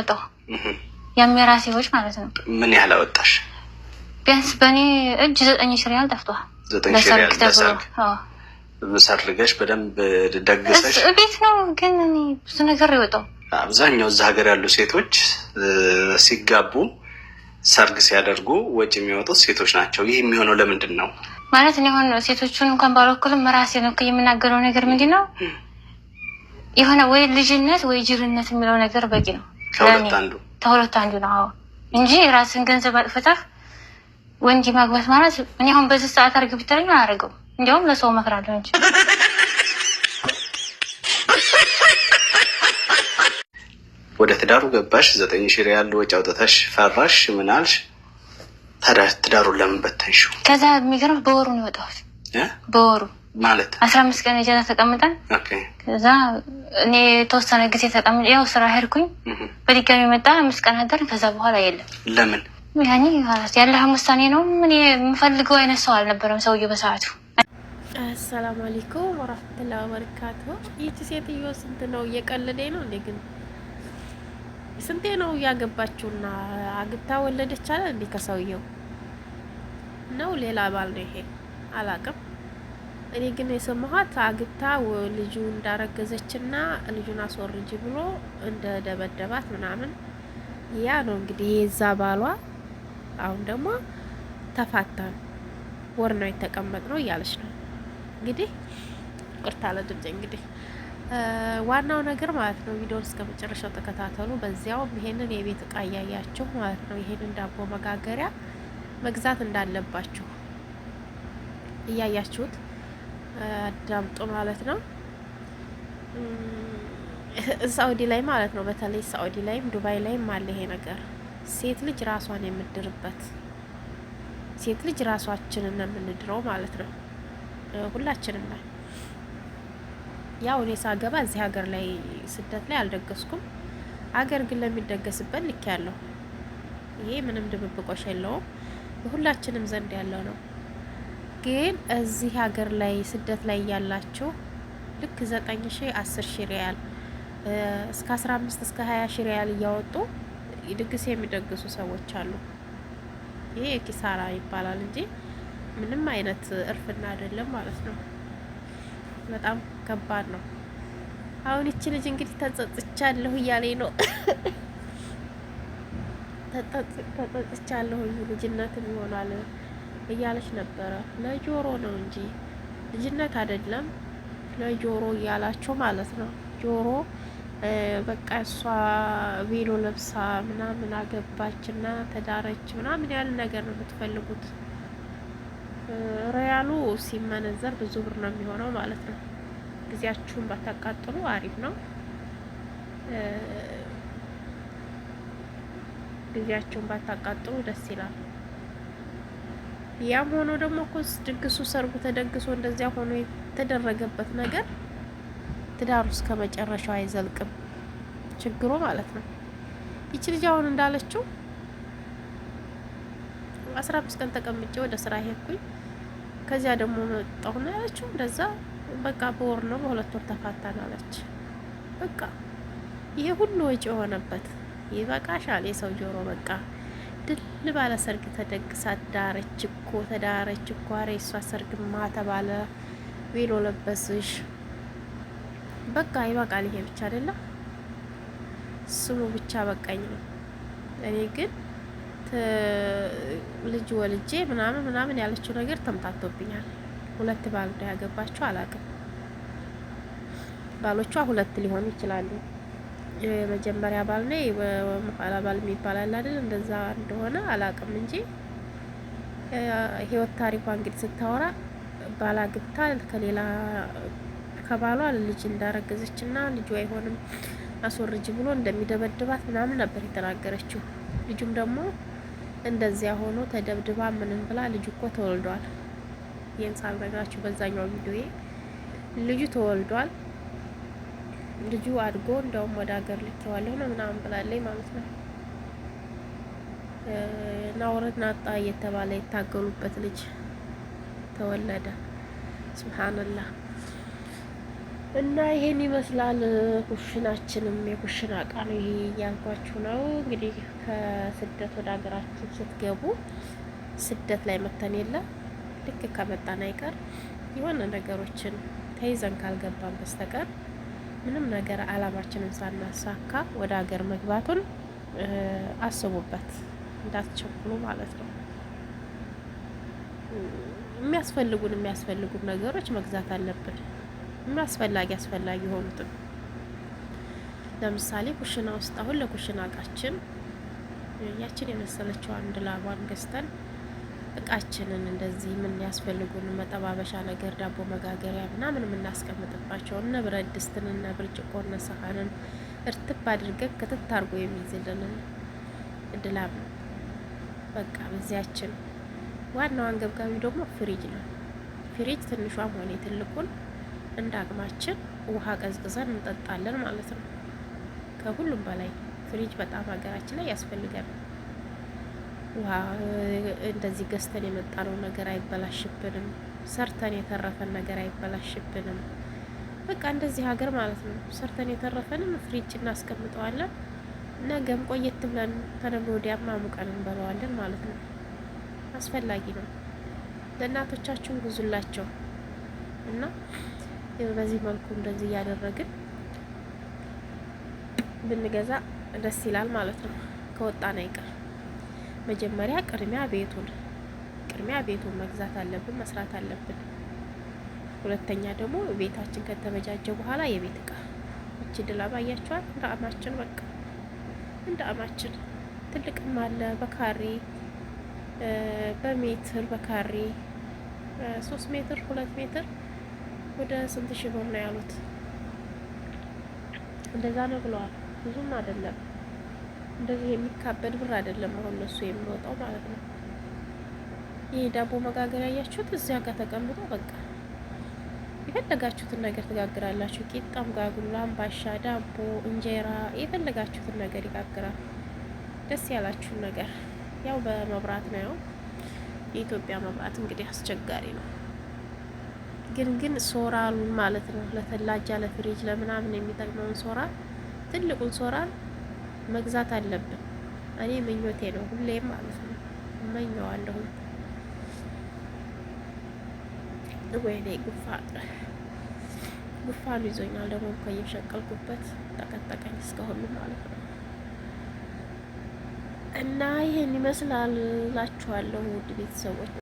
ወጣሁ የአሜራ ሲዎች ማለት ነው። ምን ያህል አወጣሽ? ቢያንስ በእኔ እጅ ዘጠኝ ሺህ ሪያል ጠፍቷል። ዘጠኝ ሺህ ሪያል ለሰርግ ሰርገሽ በደንብ ደግሰሽ ቤት ነው። ግን ብዙ ነገር የወጣው አብዛኛው እዛ ሀገር ያሉ ሴቶች ሲጋቡ ሰርግ ሲያደርጉ ወጪ የሚወጡት ሴቶች ናቸው። ይህ የሚሆነው ለምንድን ነው ማለት እኔ አሁን ሴቶቹን እንኳን ባልወክልም ራሴ ነው የምናገረው ነገር ምንድን ነው የሆነ ወይ ልጅነት ወይ ጅልነት የሚለው ነገር በቂ ነው። ከሁለት አንዱ ከሁለት አንዱ ነው እንጂ ራስን ገንዘብ አጥፍተህ ወንድ ማግባት ማለት እኔ አሁን በዚህ ሰዓት አርግ ብትለኝ አያደርገው። እንዲያውም ለሰው መክራለሁ እንጂ ወደ ትዳሩ ገባሽ፣ ዘጠኝ ሺህ ሪያል ወጪ አውጥተሽ ፈራሽ፣ ምናልሽ። አልሽ? ታዲያ ትዳሩን ለምን በተንሽው? ከዛ የሚገርም በወሩ ነው የወጣሁት በወሩ ማለት አስራ አምስት ቀን የጀና ተቀምጠን ከዛ እኔ የተወሰነ ጊዜ ተቀምጠ ያው ስራ ሄድኩኝ። በድጋሚ መጣ አምስት ቀን አደር። ከዛ በኋላ የለም። ለምን ያኔ ያለህም ውሳኔ ነው። ምን የምፈልገው አይነት ሰው አልነበረም ሰውዬው በሰዓቱ። አሰላሙ አለይኩም ወራህመቱላ ወበረካቱ። ይቺ ሴትዮ ስንት ነው እየቀለደ ነው እንዴ? ግን ስንቴ ነው እያገባችሁና አግብታ ወለደች አለ እንዴ? ከሰውየው ነው ሌላ ባል ነው ይሄ አላቅም እኔ ግን የሰማኋት አግብታ ልጁ እንዳረገዘችና ልጁን አስወርጅ ብሎ እንደ ደበደባት ምናምን ያ ነው እንግዲህ የዛ ባሏ። አሁን ደግሞ ተፋታን ወር ነው የተቀመጥ ነው እያለች ነው እንግዲህ ቁርታ ለድምጽ እንግዲህ ዋናው ነገር ማለት ነው። ቪዲዮን እስከ መጨረሻው ተከታተሉ። በዚያውም ይሄንን የቤት እቃ እያያችሁ ማለት ነው ይሄንን ዳቦ መጋገሪያ መግዛት እንዳለባችሁ እያያችሁት አዳምጡ ማለት ነው። ሳኡዲ ላይ ማለት ነው። በተለይ ሳኡዲ ላይም ዱባይ ላይም አለ ይሄ ነገር። ሴት ልጅ ራሷን የምድርበት ሴት ልጅ ራሷችንን የምንድረው ማለት ነው። ሁላችንም ላይ ያው እኔ ሳገባ እዚህ ሀገር ላይ ስደት ላይ አልደገስኩም። ሀገር ግን ለሚደገስበት ልክ ያለው ይሄ ምንም ድብብቆሽ የለውም። ሁላችንም ዘንድ ያለው ነው። ግን እዚህ ሀገር ላይ ስደት ላይ ያላችሁ ልክ ዘጠኝ ሺ አስር ሺ ሪያል እስከ አስራ አምስት እስከ ሀያ ሺ ሪያል እያወጡ ድግስ የሚደግሱ ሰዎች አሉ። ይሄ የኪሳራ ይባላል እንጂ ምንም አይነት እርፍና አይደለም ማለት ነው። በጣም ከባድ ነው። አሁን ይቺ ልጅ እንግዲህ ተጸጽቻለሁ እያለኝ ነው። ተጸጽቻለሁ ልጅነት ይሆናል እያለች ነበረ። ለጆሮ ነው እንጂ ልጅነት አይደለም። ለጆሮ እያላቸው ማለት ነው። ጆሮ በቃ እሷ ቬሎ ለብሳ ምናምን አገባችና ተዳረች ምናምን ያለ ነገር ነው የምትፈልጉት። ሪያሉ ሲመነዘር ብዙ ብር ነው የሚሆነው ማለት ነው። ጊዜያችሁን ባታቃጥሉ አሪፍ ነው። ጊዜያችሁን ባታቃጥሉ ደስ ይላል። ያም ሆኖ ደግሞ እኮ ድግሱ ሰርጉ ተደግሶ እንደዚያ ሆኖ የተደረገበት ነገር ትዳሩ እስከ መጨረሻው አይዘልቅም፣ ችግሩ ማለት ነው። ይቺ ልጅ አሁን እንዳለችው አስራ አምስት ቀን ተቀምጬ ወደ ስራ ሄድኩኝ፣ ከዚያ ደግሞ መጣሁ ነው ያለችው። እንደዛ በቃ በወር ነው በሁለት ወር ተፋታን አለች። በቃ ይሄ ሁሉ ወጪ የሆነበት ይበቃሻል፣ የሰው ጆሮ በቃ ድል ባለ ሰርግ ተደግሳ ዳረች እኮ ተዳረች እኮ። አረ እሷ ሰርግማ ተባለ ቬሎ ለበስሽ በቃ ይበቃል። ይሄ ብቻ አይደለም ስሙ ብቻ በቃኝ ነው። እኔ ግን ልጅ ወልጄ ምናምን ምናምን ያለችው ነገር ተምታቶብኛል። ሁለት ባል ያገባቸው አላውቅም። ባሎቿ ሁለት ሊሆኑ ይችላሉ። የመጀመሪያ ባል ነው የኋላ ባል የሚባል አለ አይደል? እንደዛ እንደሆነ አላውቅም እንጂ ህይወት ታሪኳ እንግዲህ ስታወራ ባላ ግብታ ከሌላ ከባሏ ልጅ እንዳረገዘች እና ልጁ አይሆንም አስወርጅ ብሎ እንደሚደበድባት ምናምን ነበር የተናገረችው። ልጁም ደግሞ እንደዚያ ሆኖ ተደብድባ ምንም ብላ ልጁ እኮ ተወልዷል። ይህን ሳልነግራችሁ በዛኛው ቪዲዮ ልጁ ተወልዷል። ልጁ አድጎ እንደውም ወደ ሀገር ልኬዋለሁ ነው ምናምን ብላለች ማለት ነው። ናውረድ ናጣ እየተባለ የታገሉበት ልጅ ተወለደ። ስብሓንላህ እና ይሄን ይመስላል ኩሽናችንም የኩሽና እቃ ነው ይሄ እያልኳችሁ ነው። እንግዲህ ከስደት ወደ ሀገራችሁ ስትገቡ ስደት ላይ መተን የለ ልክ ከመጣን አይቀር የሆነ ነገሮችን ተይዘን ካልገባን በስተቀር ምንም ነገር አላማችንን ሳናሳካ ወደ ሀገር መግባቱን አስቡበት፣ እንዳትቸኩሉ ማለት ነው። የሚያስፈልጉን የሚያስፈልጉን ነገሮች መግዛት አለብን። አስፈላጊ አስፈላጊ የሆኑትም ለምሳሌ ኩሽና ውስጥ አሁን ለኩሽና እቃችን ያችን የመሰለችው አንድ ላቧን ገዝተን እቃችንን እንደዚህ ምን ያስፈልጉን መጠባበሻ ነገር ዳቦ መጋገሪያ ምናምን የምናስቀምጥባቸው እነ ብረት ድስትን እነ ብርጭቆ እነ ሰሀንን እርትብ አድርገን ክትት አድርጎ የሚይዝልንን እድላም በቃ በዚያችን። ዋናው አንገብጋቢ ደግሞ ፍሪጅ ነው። ፍሪጅ ትንሿም ሆነ ትልቁን እንደ አቅማችን ውሃ ቀዝቅዘን እንጠጣለን ማለት ነው። ከሁሉም በላይ ፍሪጅ በጣም ሀገራችን ላይ ያስፈልጋል። ውሃ እንደዚህ ገዝተን የመጣነው ነገር አይበላሽብንም፣ ሰርተን የተረፈን ነገር አይበላሽብንም። በቃ እንደዚህ ሀገር ማለት ነው። ሰርተን የተረፈንም ፍሪጅ እናስቀምጠዋለን። ነገም ቆየት ብለን ተነግሮ ወዲያ አሙቀን እንበለዋለን ማለት ነው። አስፈላጊ ነው። ለእናቶቻችሁን ግዙላቸው እና በዚህ መልኩ እንደዚህ እያደረግን ብንገዛ ደስ ይላል ማለት ነው። ከወጣን አይቀር መጀመሪያ ቅድሚያ ቤቱን ቅድሚያ ቤቱን መግዛት አለብን፣ መስራት አለብን። ሁለተኛ ደግሞ ቤታችን ከተበጃጀ በኋላ የቤት እቃ እቺ ድላ ባያቸዋል። እንደ አማችን በቃ እንደ አማችን ትልቅም አለ በካሬ በሜትር በካሬ ሶስት ሜትር ሁለት ሜትር ወደ ስንት ሺህ ብር ነው ያሉት? እንደዛ ነው ብለዋል። ብዙም አይደለም። እንደዚህ የሚካበድ ብር አይደለም። አሁን ለሱ የሚወጣው ማለት ነው። ይሄ ዳቦ መጋገር ያያችሁት እዚያ ጋር ተቀምጦ በቃ የፈለጋችሁትን ነገር ትጋግራላችሁ። ቂጣም ጋግሩ፣ አምባሻ፣ ዳቦ፣ እንጀራ የፈለጋችሁትን ነገር ይጋግራል። ደስ ያላችሁን ነገር ያው በመብራት ነው። ያው የኢትዮጵያ መብራት እንግዲህ አስቸጋሪ ነው። ግን ግን ሶራሉን ማለት ነው ለተላጃ ለፍሪጅ ለምናምን የሚጠቅመውን ሶራል ትልቁን ሶራል መግዛት አለብን። እኔ ምኞቴ ነው፣ ሁሌም ማለት ነው እመኘዋለሁ። ወይኔ ጉንፋን ጉፋኑ ይዞኛል ደግሞ እንኳ እየሸቀልኩበት ጠቀጠቀኝ እስከሁሉ ማለት ነው። እና ይህን ይመስላል ላችኋለሁ ውድ ቤተሰቦች።